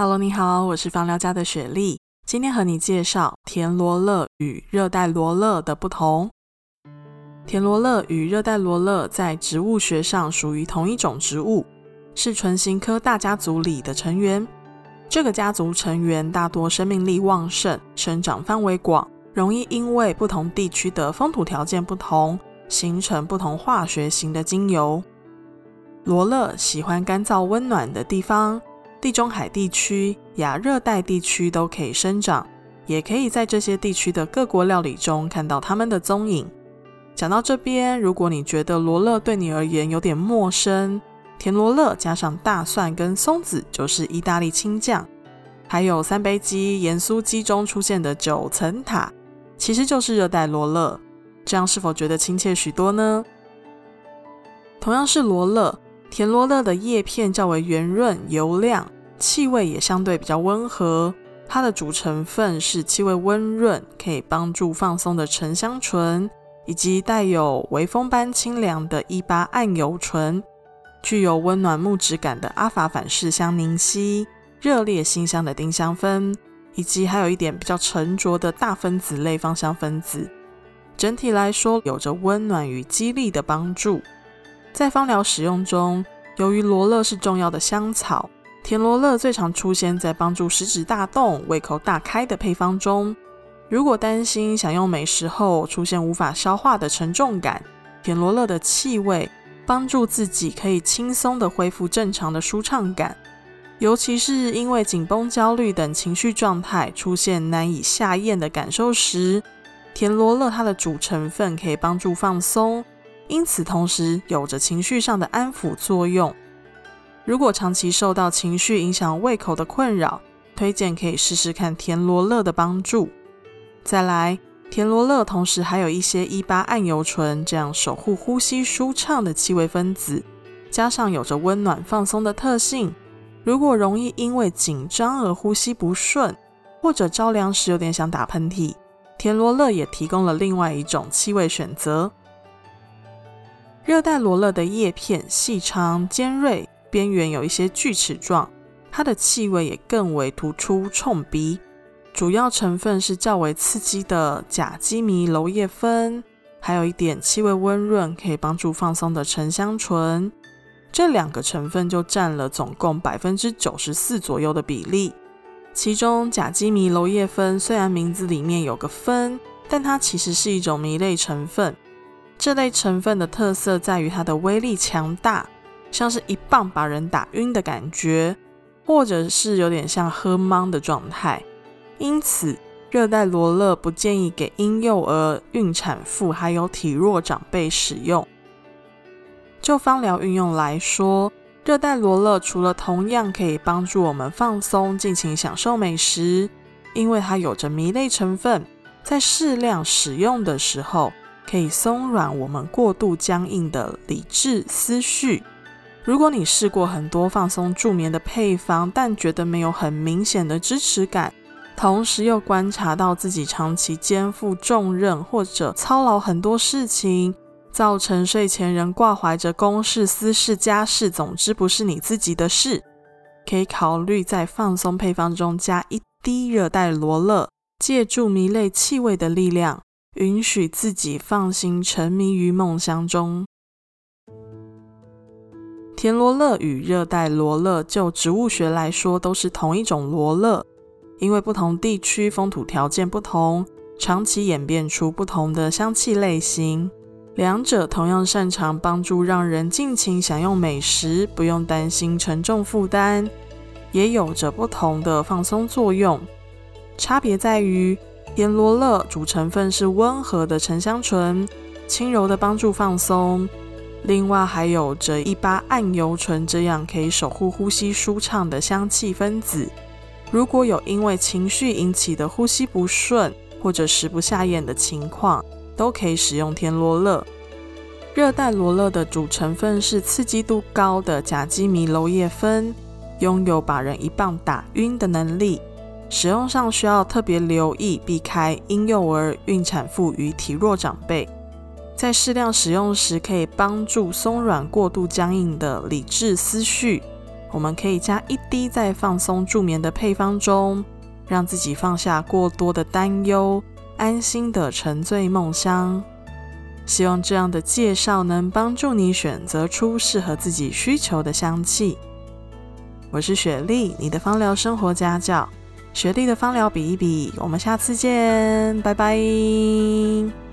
Hello，你好，我是芳療家的雪莉，今天和你介紹甜羅勒與熱帶羅勒的不同。甜羅勒與熱帶羅勒在植物學上屬於同一種植物，是唇形科大家族裡的成員。這個家族成員大多生命力旺盛，生長範圍廣，容易因為不同地區的風土條件不同，形成不同化學型的精油。羅勒喜歡乾燥溫暖的地方。地中海地區、亞熱帶地區都可以生長，也可以在這些地區的各國料理中看到它們的蹤影。講到這邊，如果你覺得羅勒對你而言有點陌生，甜羅勒加上大蒜跟松子就是意大利青醬，還有三杯雞、鹽酥雞中出現的九層塔，其實就是熱帶羅勒。這樣是否覺得親切許多呢？同樣是羅勒。甜羅勒的葉片較為圓潤油亮，氣味也相對比較溫和。它的主成分是氣味溫潤、可以幫助放鬆的沉香醇，以及帶有微風般清涼的 1,8- 桉油醇，具有溫暖木質感的 α- 反式-香檸烯，熱烈辛香的丁香酚，以及還有一點比較沉着的大分子類芳香分子。整體來說，有着溫暖與激勵的幫助。在芳療使用中，由於羅勒是重要的香草，甜羅勒最常出現在幫助食指大動、胃口大開的配方中。如果擔心享用美食後出現無法消化的沉重感，甜羅勒的氣味幫助自己可以輕鬆地恢復正常的舒暢感。尤其是因為緊繃、焦慮等情緒狀態出現難以下咽的感受時，甜羅勒它的主成分可以幫助放鬆。因此，同時有着情緒上的安撫作用。如果長期受到情緒影響胃口的困擾，推薦可以試試看甜羅勒的幫助。再來，甜羅勒同時還有一些 1,8- 桉油醇這樣守護呼吸舒暢的氣味分子，加上有着溫暖放鬆的特性。如果容易因為緊張而呼吸不順，或者著涼時有點想打噴嚏，甜羅勒也提供了另外一種氣味選擇。熱帶羅勒的葉片細長尖銳，邊緣有一些鋸齒狀，它的氣味也更為突出、衝鼻，主要成分是較為刺激的甲基醚蔞葉酚，還有一點氣味溫潤，可以幫助放鬆的沉香醇。這兩個成分就佔了總共百分之九十四左右的比例。其中，甲基醚蔞葉酚雖然名字裡面有個“酚”，但它其實是一種醚類成分。這類成分的特色在於它的威力強大，像是一棒把人打暈的感覺，或者是有點像喝茫的狀態。因此，熱帶羅勒不建議給嬰幼兒、孕產婦還有體弱長輩使用。就芳療運用來說，熱帶羅勒除了同樣可以幫助我們放鬆、盡情享受美食，因為它有着醚類成分，在適量使用的時候。可以鬆軟我們過度僵硬的理智思緒。如果你試過很多放鬆助眠的配方，但覺得沒有很明顯的支持感，同時又觀察到自己長期肩負重任或者操勞很多事情，造成睡前仍掛懷着公事、私事、家事，總之不是你自己的事，可以考慮在放鬆配方中加一滴熱帶羅勒，借助醚類氣味的力量。允許自己放心沉迷於夢鄉中。甜羅勒與熱帶羅勒就植物學來說都是同一種羅勒，因為不同地區風土條件不同，長期演變出不同的香氣類型。兩者同樣擅長幫助讓人盡情享用美食，不用擔心沉重負擔，也有着不同的放鬆作用。差別在於。甜羅勒主成分是溫和的沉香醇，輕柔的幫助放鬆。另外還有着 1,8- 桉油醇，這樣可以守護呼吸舒暢的香氣分子。如果有因為情緒引起的呼吸不順或者食不下嚥的情況，都可以使用甜羅勒。熱帶羅勒的主成分是刺激度高的甲基醚蔞葉酚，擁有把人一棒打暈的能力。使用上需要特別留意，避開嬰幼兒、孕產婦與體弱長輩。在適量使用時，可以幫助鬆軟過度僵硬的理智思緒。我們可以加一滴在放鬆助眠的配方中，讓自己放下過多的擔憂，安心的沉醉夢鄉。希望這樣的介紹能幫助你選擇出適合自己需求的香氣。我是雪莉，你的芳療生活家教。雪莉的芳療比一比，我們下次見，拜拜。